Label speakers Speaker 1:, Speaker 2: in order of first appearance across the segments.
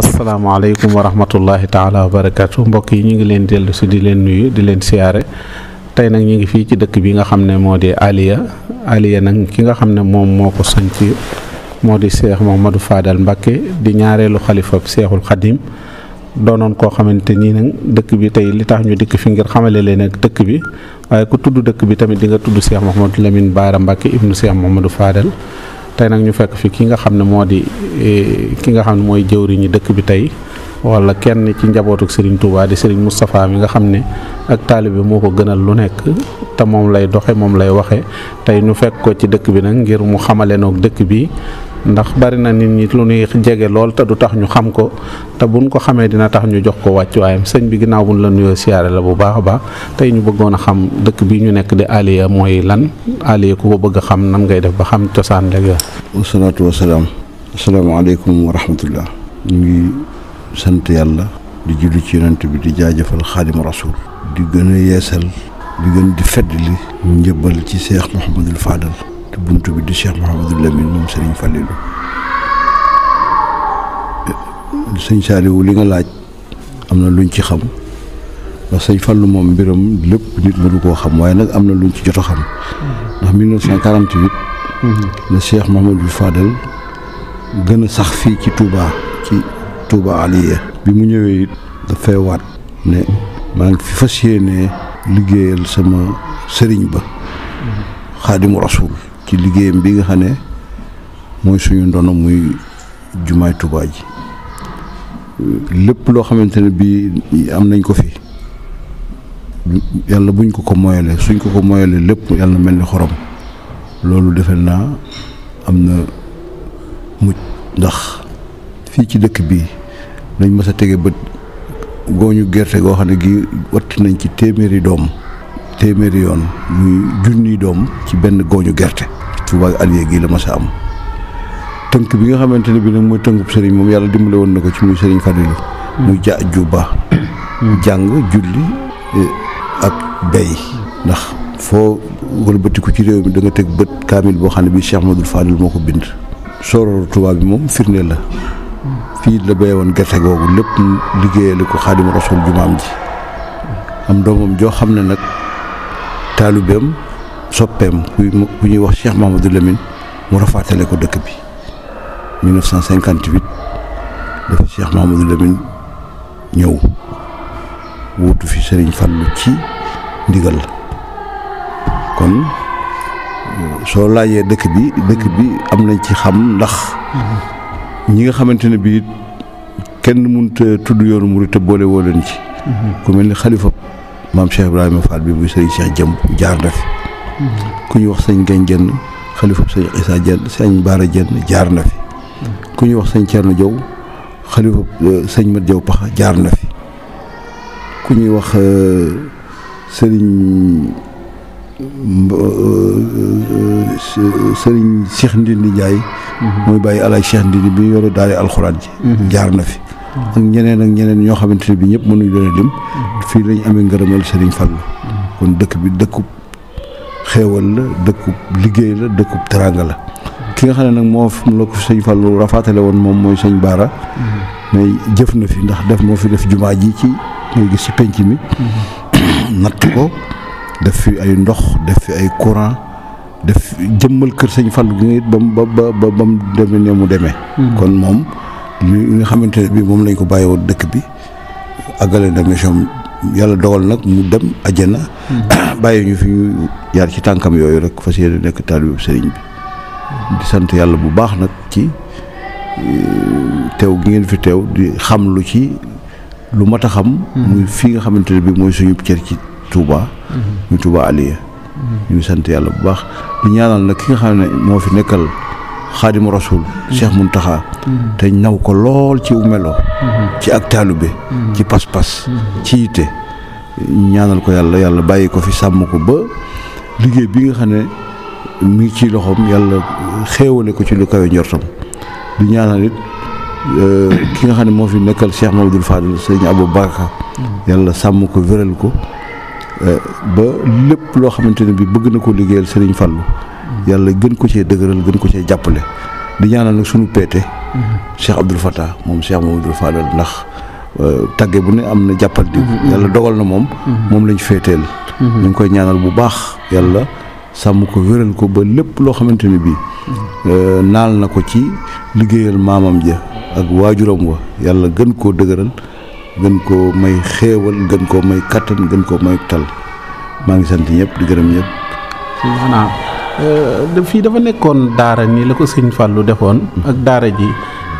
Speaker 1: asalaamaaleykum wa rahmatullahi taala wa barakaatu mbokk yi ñu ngi leen dellu si di leen nuyu di leen siyaare tey nag ñu ngi fii ci dëkk bi nga xam ne moo di Aliya Aliya nag ki nga xam ne moom moo ko ci moo di seex Mouhamadou Fadal Mbacke di ñaareelu xalifab seexul xadim doonoon koo xamante nii nag dëkk bi tey li tax ñu dikk fi ngir xamale leen ak dëkk bi waaye ku tudd dëkk bi tamit di nga tudd seex Mouhamadou Lamine Baara Mbacke ibnu seex Mouhamadou faadal tey nag ñu fekk fi ki nga xam ne moo di eh, ki nga xam ne mooy jëwriñu dëkk bi tey wala kenn ci njabootuk Serigne Touba di Serigne Moustapha mi nga xam ne ak bi moo ko gënal lu nekk te moom lay doxe moom lay waxe tey ñu fekk ko ci dëkk bi nag ngir mu xamale noog dëkk bi ndax bari na nit ñi lu ñuy jege lool te du tax ñu xam ko te buñ ko xamee dina tax ñu jox ko wàcc waayam sëñ bi ginnaaw buñ la nuyoo siyaare la bu baax a baax tey ñu bëggoon a xam dëkk bi ñu nekk di Aliya mooy lan Aliya ku ko bëgg xam nan ngay def ba xam cosaan léegi yoon. wasalaatu wasalaam. asalaamaaleykum wa rahmatullah. ñu ngi
Speaker 2: sant yàlla. di julli ci yonent bi di jaajëfal xaadimu rasul. di gën a yeesal. di gën di feddali njëbbal ci seex Muhammadul Fadal te buntu bi di Cheikh Mouhamadou Lamine moom Serigne Fallilou sëñ Saliou li nga laaj am na luñ ci xam ndax sëñ Fallou moom mbiram lépp nit mënu koo xam waaye nag am na luñ ci jot a xam ndax 1948. la Cheikh Mouhamadou Fadel gën a sax fii ci Touba ci Touba Aliya bi mu ñëwee it dafay waat ne maa ngi fi fas yéenee liggéeyal sama sëriñ ba xaadimu rasul ci liggéeyam bi nga xam ne mooy suñu ndono muy jumaay Tuubaa ji lépp loo xamante ne bii am nañ ko fi yàlla buñ ko ko moyalee suñ ko ko moyalee lépp yàlla mel ni xorom loolu defe naa am na mucc ndax fii ci dëkk bii dañ mës a tege bët gooñu gerte goo xam ne gi watt nañ ci téeméeri doom téeméeri yoon muy junniy doom ci benn gooñu gerte Touba Alieu gii la ma sa am tënk bi nga xamante ne bi nag mooy tënkub sëriñ moom yàlla dimbale woon na ko ci muy sëriñ Fadilu hmm. muy ja mu hmm. jàng julli eh, ak bay ndax foo wëlbatiku ci réew mi danga teg bët kaamil boo xam ne bii ma Madul Fadil moo ko bind sooroor Touba bi moom firnde la fii la béye woon gerte googu lépp liggéeyale ko Xaadimu Rasuul jumaam ji am doomam joo xam ne nag taalubeem soppeem ku ñuy wax Cheikh Mamadou Lamine mu rafaatale ko dëkk bi 1958 dafa Cheikh Mamadou Lamine ñëw wuutu fi Serigne Fallou ci ndigal kon soo laajee dëkk bi dëkk bi am nañ ci xam ndax ñi nga xamante ne bii kenn mënut tudd yoonu murit te boole woo leen ci mhm. ku mel ni xalifa maam Cheikh Ibrahima Fall bi buy sëriñ Cheikh Jëmb jaar na fi ku ñuy wax sëñ Gañ Jenn xalifa sëñ Issa Jenn sëñ Baara Jenn jaar na fi ku ñuy wax sëñ Thierno Diaw xalifa euh, sëñ Mat Diaw jaar na fi ku ñuy wax euh, sëriñ euh, sëriñ Cheikh Ndindi Ndiaye muy mhm. bàyyi alaaj Cheikh Ndindi bi yoro daale alxuraan ji mhm. jaar na fi ak ñeneen ak ñeneen ñoo xamante ne bi ñëpp mënuñu doon lim fii lañ amee ngërëmal Serigne Fallou kon dëkk bi dëkkub xéewal la dëkkub liggéey la dëkkub teranga la ki nga xam ne nag moo la ko sëñ Fallou rafaatale woon moom mooy sëñ Baara mais jëf na fi ndax def moo fi def jumaa ji ci ngay gis ci penc mi natt ko def fi ay ndox def fi ay courant def jëmmal kër sëñ Fallou gi nga it ba mu ba ba ba mu demee ne mu demee hmm. kon moom bi nga xamante ne bii moom lañ ko bàyyi woon dëkk bi àggale na mission yàlla dogal nag mu dem àjjana. Mm-hmm. bàyyi ñu fi ñu yar ci tànkam yooyu rek fas yéene nekk taalibu sëriñ bi. Mm-hmm. di sant yàlla bu baax nag ci eh, teew gi ngeen fi teew di xam lu ci lu mat a xam. Mm-hmm. fii nga xamante ne bii mooy suñu cër ci Touba. muy Touba Aliya. ñu sant yàlla bu baax di ñaanal nag ki nga xam ne moo fi nekkal. xaadimu rasul cheikh muntaxa te naw ko lool ci umelo ci ak taalube ci pas-pas ci yitte ñaanal ko yàlla yàlla bàyyi ko fi sàmm ko ba liggéey bi nga xam ne mu ngi ci loxoom yàlla xéewale ko ci lu kawe njortam di ñaanal it eh, ki nga xam ne moo fi nekkal Cheikh Mamadou Fadil sëñ Abou Baraka yàlla sàmm ko wéral ko eh, ba lépp loo xamante ne bi bëgg na ko liggéeyal sëriñ Fallou yàlla gën ko cee dëgëral gën ko cee jàppale di ñaanal nag suñu peete mhm. Cheikh Abdoul Fattah moom Cheikh Mamadou Fadal ndax euh, tàgge bu ne am na jàppal diw mhm. yàlla dogal na moom mhm. moom lañ féeteel ñu ngi koy ñaanal bu baax yàlla sàmm ko wéral ko ba lépp loo xamante ni bii euh, naal na ko ci liggéeyal maamam ja ak waajuram wa yàlla gën koo dëgëral gën koo may xéewal gën koo may kattan gën koo may tal maa ngi sant ñëpp di gërëm ñëpp
Speaker 1: Euh, fii dafa nekkoon daara nii la ko sëñ Fallou defoon. ak daara ji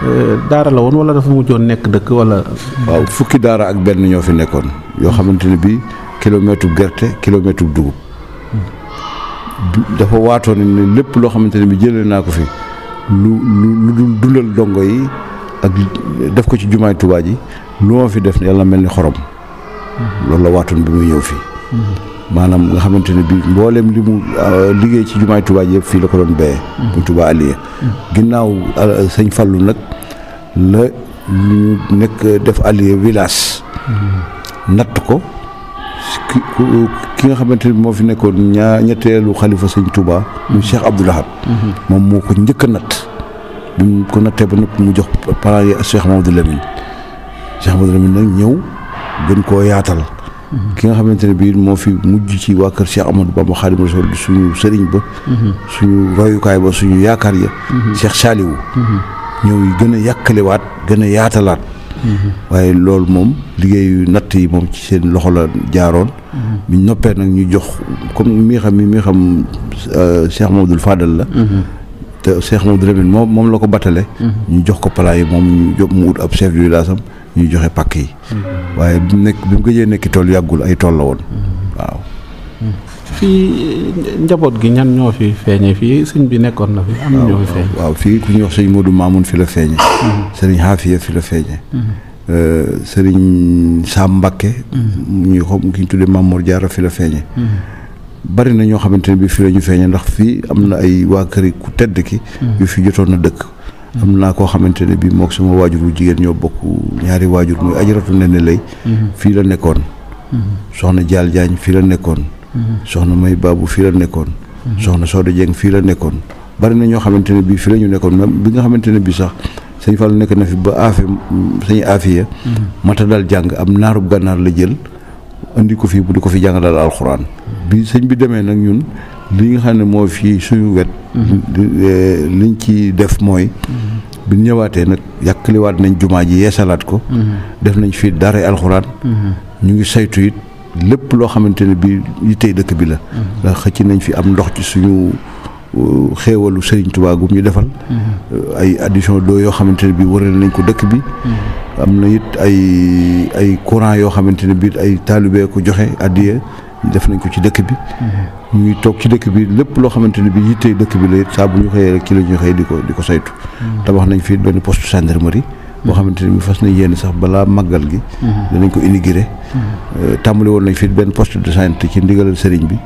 Speaker 1: euh, daara la woon wala dafa mujjoon nekk dëkk wala. waaw fukki daara ak benn ñoo fi
Speaker 2: nekkoon yoo xamante ne bii kilomètre gerte kilomètre dugub. dafa waatoon ne lépp loo xamante ne bi jëlee naa ko fi lu lu lu dundal dongo yi ak def ko ci jumaay Tuubaa ji lu ma fi def yàlla mel ni xorom mm-hmm. loolu la waatoon bi muy ñëw fii mm-hmm. maanaam nga xamante ne bii mboolem li mu euh, liggéey ci jumaay Touba yëpp fii la ko doon béyee. bu mm. Touba Aliya. ginnaaw euh, sëñ Fallu nag la ñu nekk def Aliya village.
Speaker 3: Mm.
Speaker 2: natt ko ki nga xamante ne moo fi nekkoon ñaa ñetteelu xalifa sëñ tubaa mu Cheikh Abdou Lahad. Mm-hmm. moom moo ko njëkk a natt. bu ñu ko nattee ba noppi mu jox parents yi Cheikh Mamadou Lamine nag ñëw gën koo yaatal. ki nga xamante ne bii moo fi mujj ci waa kër Cheikh Amadou Bamba Xaadimu Rasuul di suñu sëriñ ba. Mhm. suñu royukaay ba suñu yaakaar ya. Mhm. Cheikh Saliou. Mhm. ñëw gën a yàkkaliwaat gën a yaatalaat. waaye loolu moom liggéeyu natt yi moom ci seen loxo la jaaroon. bi noppee nag ñu jox comme mi xam mi xam euh, Cheikh Mamadou Fadal la. te Cheikh Mamadou Lamine moom moom la ko battale ñu jox ko palaa yi moom ñu jóg mu ut ab chef du village am ñu joxe pàkk yi. waaye bi mu nekk bi mu gëjee nekki tool yàggul ay tool la woon waaw.
Speaker 1: fii njaboot gi ñan ñoo fi feeñe fii sëñ bi nekkoon na fi
Speaker 3: am na fi feeñe.
Speaker 2: waaw fii ku ñuy wax sëñ Modou Mamoun mm-hmm. mm-hmm. euh, mm-hmm. na ñoo xamante ne bi fi la ndax am ay waa kër ku tedd ki. yu fi jotoon na dëkk. am naa koo xamante ne bii mook sama waajur bu jigéen ñoo bokk ñaari waajur muy ajaratu ne ne lay mhm. fii la nekkoon mhm. soxna Jaal Jaañ fii la nekkoon mhm. soxna May Baabu fii la nekkoon soxna Sooda Jeng fii la nekkoon bari na ñoo xamante ne bii fii lañu nekkoon même bi nga xamante ne bii sax sëñ Fall nekk na fi ba aafe sëñ aafiya mata daal jàng am naarub gànnaar la jël andi ko fii bu di ko fi jàng daal alxuraan bi sëñ bi demee nag ñun li nga xam ne moo fii suñu wet mm-hmm. eh, liñ ci def mooy mm-hmm. bi ñëwaatee nag yàkkaliwaat nañ jumaa ji yeesalaat ko mm-hmm. def nañ fii dara alxuraan ñu ngi saytu it lépp loo xamante ne bi yittey dëkk bi la ndax xëcc nañ fi am ndox ci suñu uh, xéewalu Serigne Touba gum ñu defal uh, ay addition d'eau yoo xamante ne bi waral nañ ko dëkk bi am na it ay ay courant yoo xamante ne bi ay taalibee ko joxe addiye def nañ ko ci dëkk bi. ñuy toog ci dëkk bi lépp loo xamante ni bi yittee dëkk bi la saa bu ñu xëyee rek ci la ñuy xëy di ko di ko saytu. tabax nañ fi benn poste gendarmerie. boo xamante ni bi fas nañ yéen sax balaa màggal gi. danañ ko inaugurer. Euh, tàmbali woon nañ fii benn poste de santé ci ndigalal sëriñ bi.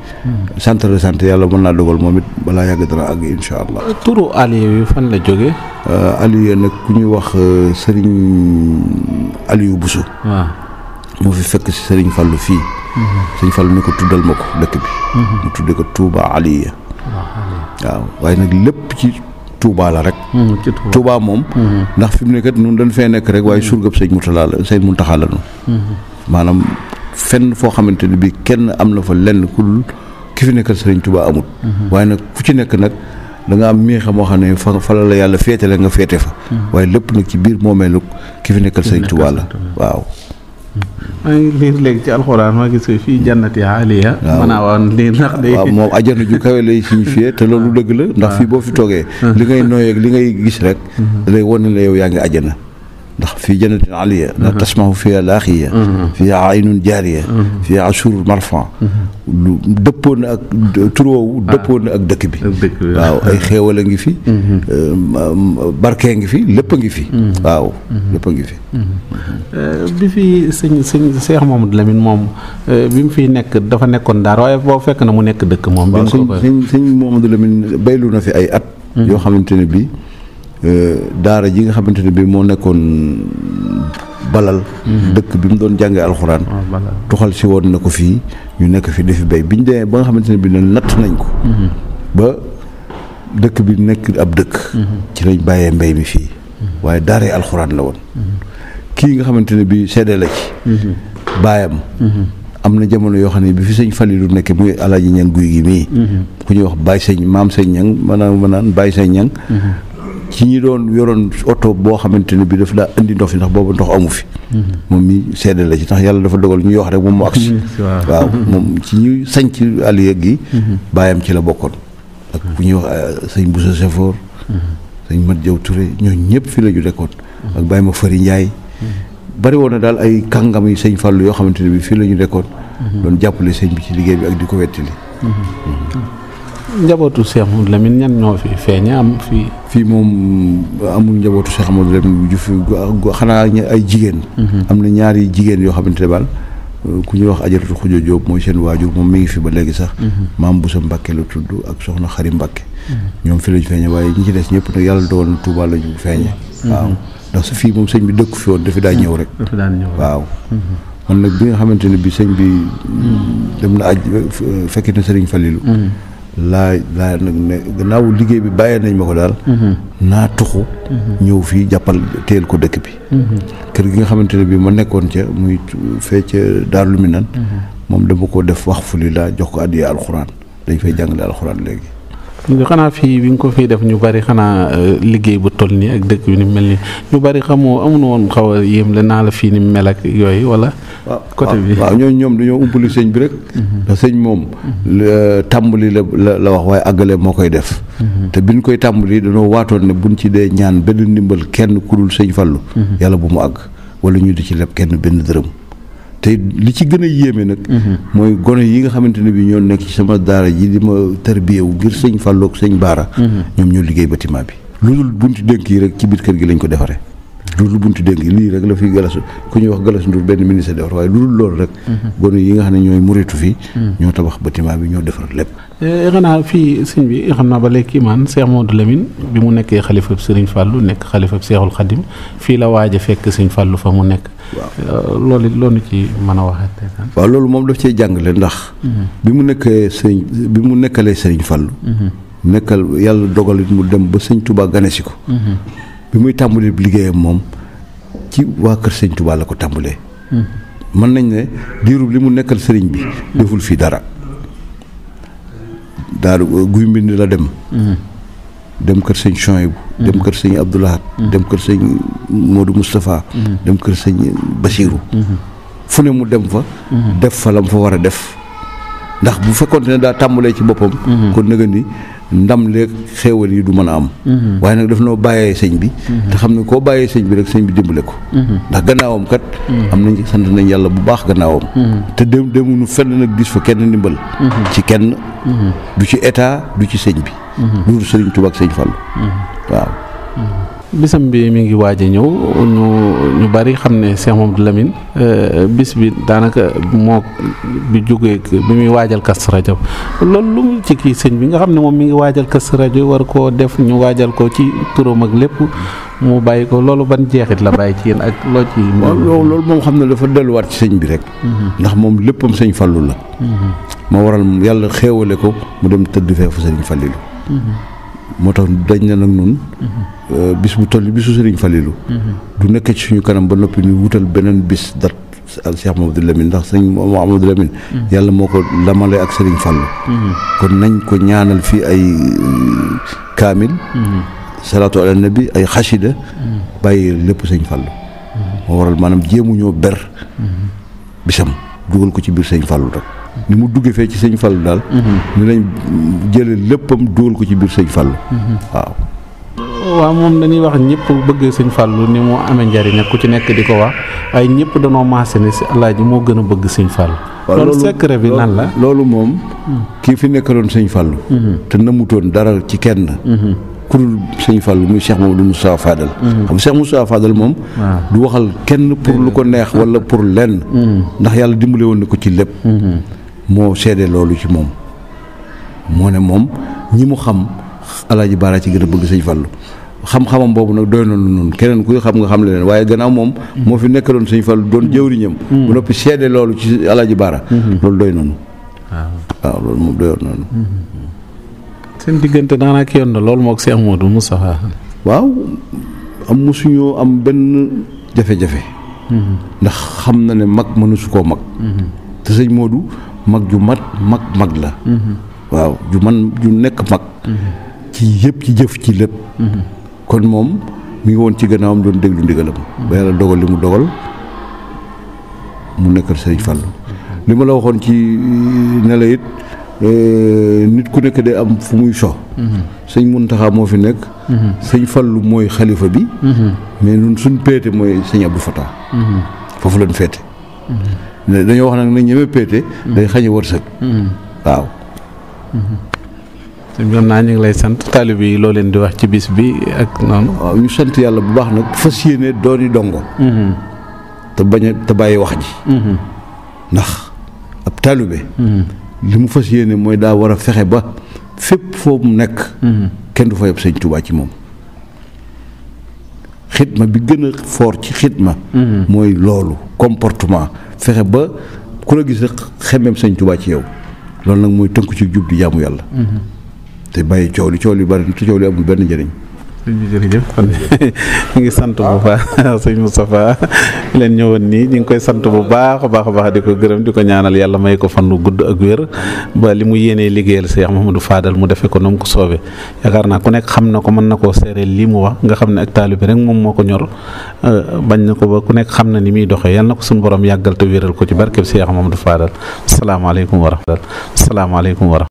Speaker 2: centre de santé yàlla mën naa dogal moom it balaa yàgg dana àgg incha allah. turu
Speaker 1: Aliou yi fan la jógee.
Speaker 2: Euh, Aliou nag ku ñuy wax euh, sëriñ Aliou Bousso. waaw moo fi fekk si sëriñ Fallou fii. sëñ Fallu ni ko tuddal ma ko dëkk bi mhm. mu tudde ko Touba Aliya waaw waaye nag lépp ci Touba la rek mhm, Touba moom mhm. ndax fi mu nekkat nun dañ fee nekk rek waaye surgab sëñ Murtala la sëñ Muntaxa la noonu maanaam fenn foo xamante ne bi kenn am na fa lenn ku dul ki fi nekkal sëriñ amut waaye nag ku ci nekk nag da nga am miixa moo xam ne fa fa la la yàlla féetale nga féete fa waaye lépp nag ci biir moomeelu ki fi nekkal sëriñ Touba la waaw
Speaker 1: maa ngi liir léegi ci alxuraan ma gis ko fii jannati aliya waaw lii ndax day waaw moom ajana ju kawe lay signifié te loolu dëgg la ndax fii boo fi
Speaker 2: toogee li ngay nooyeeg li ngay gis rek lay wane la yow yaa ngi ajana ndax fii jannatin aliya la mhm. tasmahu fiha laaxiya mhm. fiha aynun jaariya mhm. fiha ashurun marfa lu dëppoon ak turoowu ah. dëkk bi waaw ay xéewal ngi
Speaker 1: fi barkee ngi fi lépp a ngi fi waaw lépp ngi fi euh, bi fi sëñ sëñ Cheikh Mamadou Lamine moom euh, bi mu fiy nekk dafa nekkoon daar waaye boo fekk na mu nekk dëkk moom bi
Speaker 2: mu na fi ay at yoo xamante ne bii Euh, daara ji nga xamante ne bii moo nekkoon balal. Mhm. dëkk bi mu doon jàngee alxuraan. Ah, tuxal si woon na ko fii ñu nekk fi defi béy bi ñu demee xamante ne bii ne natt nañ ko. Mhm. ba dëkk bi nekk ab dëkk. Mhm. ci lañ bàyyee mbéy mi fii. waaye daaree alxuraan la woon. kii nga xamante ne bii seede la ci. baayam. am na jamono yoo xam ne bi fi sëñ Falilou nekk muy alaaji ñang guy gi mii. ku ñuy wax Baye sëñ maam sëñ ñang maanaam maanaam Baye sëñ ñang ci ñi doon yoroon oto boo xamante ne bi daf daa indi ndox fi ndax boobu ndox amu fi mhm. moom mi sedd la ci ndax yàlla dafa dogal ñuy wax rek moom mu agsi mhm, waaw moom ci ñu sanc àlliya gi mhm. baayam ci la bokkoon ak bu ñuy wax euh, sëñ Boussa Sefoor sëñ Mat jëw Touré ñoo ñëpp fi la ñu dekkoon ak Baye ma Fari Njaay bari woon na daal ay kàngam yi sëñ Fàllu yoo xamante ne bi fii la ñu dekkoon doon jàppale sëñ bi ci liggéey bi ak di ko wettali
Speaker 1: ah. njabootu Cheikh Amadou Lamine ñan ñoo fi feeñe am fii. fii moom amul njabootu Cheikh Amadou Lamine ju fi xanaa ay
Speaker 2: jigéen. Mhm. am na ñaari jigéen yoo xamante ne baal ku ñuy wax ajaratu Xujo Jóob mooy seen waajur moom mi ngi fi ba léegi sax. Mhm. maam Boussa Mbacke la tudd ak soxna Xari Mbacke. Mhm. ñoom fi lañ feeñe waaye ñi ci des ñëpp nag yàlla dogal na Touba ñu feeñe. waaw ndax su fii moom sëñ bi dëkk fi woon dafi daan ñëw rek. dafi daan ñëw waaw. man nag bi nga xamante ne bi sëñ bi. dem na aj fekk laa laa nag ne gannaaw liggéey bi bàyyee nañ ma ko daal. Mhm. naa tuxu. Mhm. ñëw fii jàppal teel ko dëkk bi. Mhm. kër gi nga xamante ne bii ma nekkoon ca muy fee ca Daaru Minaan moom dama ko def wax fu laa jox ko addiya alxuraan dañ fay jàngale alxuraan léegi.
Speaker 1: xanaa fii bi nga ko fii def ñu bari xanaa euh, liggéey bu toll nii ak dëkk bi ni mel nii ñu bari xamoo amuñu woon xaw a yéem la naa la fii ni mel ak yooyu wala. côté bi waaw ñoom dañoo umpali sëñ bi rek.
Speaker 2: ndax mhm. sëñ moom. Mhm. Euh, tàmbali la la la wax waaye àggale moo koy def. Mhm. te biñ koy tàmbali dañoo waatoon ne bu buñ ci dee ñaan benn ndimbal kenn ku dul sëñ Fallu. yàlla bu mu àgg wala ñu di ci leb kenn benn dërëm. te li ci gën a yéeme nag. Mhm. mooy gone yi nga xamante ne bi ñoo nekk ci sama daara ji li ma tarbiyewu ngir sëñ Fallou ak sëñ Baara. Mhm. ñoom ñoo liggéey bâtiment bi. lu dul bunti dénk yi rek ci biir kër gi lañ ko defaree. lu dul buntu dénk lii rek la fi galasu ku ñuy wax galasu ndur benn ministre defar waaye lu dul loolu rek mhm. gone yi nga xam ne ñooy muritu fii mhm. ñoo tabax bâtiment bi ñoo defar lépp
Speaker 1: eh, eh, naa fii sëñ bi xam naa ba léegi imaan Cheikh Modou Lamine bi mu nekkee xalifab Serigne Fallou nekk xalifab Cheikhul Khadim fii la waaj a fekk Serigne Fallou fa mu nekk waaw eh, loolu loolu ci mën a waxee
Speaker 2: waaw loolu moom daf cee jàngale ndax mhm. bi mu nekkee sëñ bi mu nekkalee Serigne Fallou nekkal yàlla dogalit mu dem ba sëñ Touba ganesi ko bi muy tàmbalee liggéeyam moom ci waa kër sëñ Tuubaa la ko tàmbalee. mën nañ ne diirub li mu nekkal sëriñ bi. deful fii dara. daal guy mbind la dem. dem kër sëñ Chouaïbou dem kër sëñ Abdoulahat dem kër sëñ Modou Moustapha. dem kër sëñ Bachirou. fu ne mu dem fa. def fa la mu fa war a def. ndax bu fekkoonte ne daa tàmbalee ci boppam. kon nag ndam léeg xéewal yi du mën a am mhm. waaye nag daf noo bàyyee sëñ bi mhm. te xam ne koo bàyyee sëñ bi rek sëñ bi dimbale ko mhm. ndax gannaawam kat am nañ sant nañ yàlla bu baax gannaawam te de demunu fenn nag gis fa kenn
Speaker 1: ndimbal ci kenn du ci état du ci sëñ bi loolu sëriñ Tuubaa ak sëñ Fallu waaw bisam bi mi ngi waaj a ñëw ñu bari xam ne Cheikh Mamadou Lamine euh, bis bi daanaka mook bi jógee bi muy waajal Kazu rajo loolu lu mu ci kii sëñ bi nga xam ne moom mi ngi waajal Kazu rajo war koo def ñu waajal ko ci turam ak lépp mu bàyyi ko loolu ban jeexit la bàyyi ci yéen ak loo ci. loolu moom xam ne dafa delluwaat ci sëñ bi rek. Mm-hmm. ndax moom léppam sëñ Fallu la.
Speaker 3: Mm-hmm.
Speaker 2: moo waral yàlla xéewale ko mu dem tëdd fee fu sëñ Fallilu mm-hmm. moo tax dañ na nag nun euh, bis bu toll bisu Serigne Falilou du nekk ci suñu kanam ba noppi ñu wutal beneen bis dat al Cheikh Mamadou Lamine ndax sëñ Mamadou Lamine yàlla moo ko lamale ak Serigne Fallou kon nañ ko ñaanal fii ay euh, kaamil salaatu ala nabi ay xasida bàyyi lépp sëñ Fallou moo waral maanaam jéemuñoo ber bisam dugal ko ci biir sëñ Fallou rek ni mu duggee fee ci sëñ Fallu daal. Mhm. ni lañ jëlee léppam dugal ko ci biir sëñ fal mhm. waaw.
Speaker 1: waaw moom dañuy wax ñëpp bëgg sëñ Fallu ni mu amee njariñ ku ci nekk di ko wax ay ñëpp danoo maase ne si alaaji moo gën a bëgg sëñ fal waaw loolu secret bi nan la
Speaker 2: loolu moom. Hmm.
Speaker 1: kii fi nekkaloon sëñ Fallu. Hmm. te namutoon dara ci kenn. Hmm.
Speaker 2: kurul sëñ Fallu muy Cheikh Mamadou Moussa Fadal. xam Cheikh Moussa moom. du waxal kenn pour lu ko neex wala pour lenn. ndax yàlla dimbale woon na ko ci lépp. moo seede loolu ci moom moo ne moom ñi mu xam alaaji Baara ci gën a bëgg sëñ Fallu xam-xamam boobu nag doy na noonu keneen kuy xam nga xam leen waaye gannaaw moom moo fi
Speaker 1: nekkaloon sëñ Fallu doon jëwriñam mm. bu noppi loolu ci alaaji Baara
Speaker 2: mm-hmm. loolu doy noonu waaw loolu moom doyoon
Speaker 1: mm-hmm. diggante daanaka yoon na loolu moo ko si Amadou Moustapha waaw am mosuñoo am benn jafe-jafe
Speaker 2: mm-hmm. ndax xam na ne mag mënusu koo mag te sëñ Moodu mag ju mat mag mag la mhm. waaw ju man ju nekk mag mhm. ci yëpp ci jëf ci lépp mhm. kon moom mu ngi woon ci gannaawam doon déglu ndigalam ba yàlla dogal li mu dogal mu nekkal sëñ Fallou li ma la waxoon ci euh, ne euh, nit ku nekk day am fu muy so sëñ Muntaxa moo fi nekk sëñ Fallou mooy xalifa bi mais ñun suñ péete mooy sëñ Abdou Fatah
Speaker 1: foofu lañ féete dañoo wax nag nañ ñeme péete mm. day xañi wërsëg mm. waaw mm-hmm. sëñ bi naa ñu lay sant taalib yi loo leen di wax ci bis bi ak noonu waaw ñu sant yàlla bu baax nag fas yéene dooni dongo
Speaker 3: mm-hmm.
Speaker 2: te bañ te bàyyi wax ji
Speaker 3: mm-hmm. ndax
Speaker 2: ab taalibe li mu fas yéene mooy daa war a fexe ba fépp foo mu nekk kenn du fa yab sëñ Tuubaa ci moom xitma bi gën a foor ci xitma mm-hmm. mooy loolu comportement fexe ba ku la gis rek xemmeem sëñ Tuubaa ci yow loolu nag mooy tënk ci jub di jaamu yàlla mm-hmm. te bàyyi coow li coow li bari te coow li amul benn
Speaker 1: njëriñ jërëjëf kon ñu ngi sant bu baax sëñ Moustapha leen ñëwoon nii ñu ngi koy sant bu baax a baax a baax di gërëm di ko ñaanal yàlla may ko fan gudd ak wér ba li mu yéenee liggéeyal Cheikh du faadal mu defe ko noonu ko soobee yaakaar naa ku nekk xam na ko mën na koo seereel lii mu wax nga xam ne ak taalibe rek moom moo ko ñor euh, bañ na ko ba ku nekk xam na ni muy doxee yal na ko suñu borom yàggal te wéral ko ci barkeb Cheikh Mouhamadou Fadal asalaamaaleykum wa rahmatulah asalaamaaleykum wa rahmatulah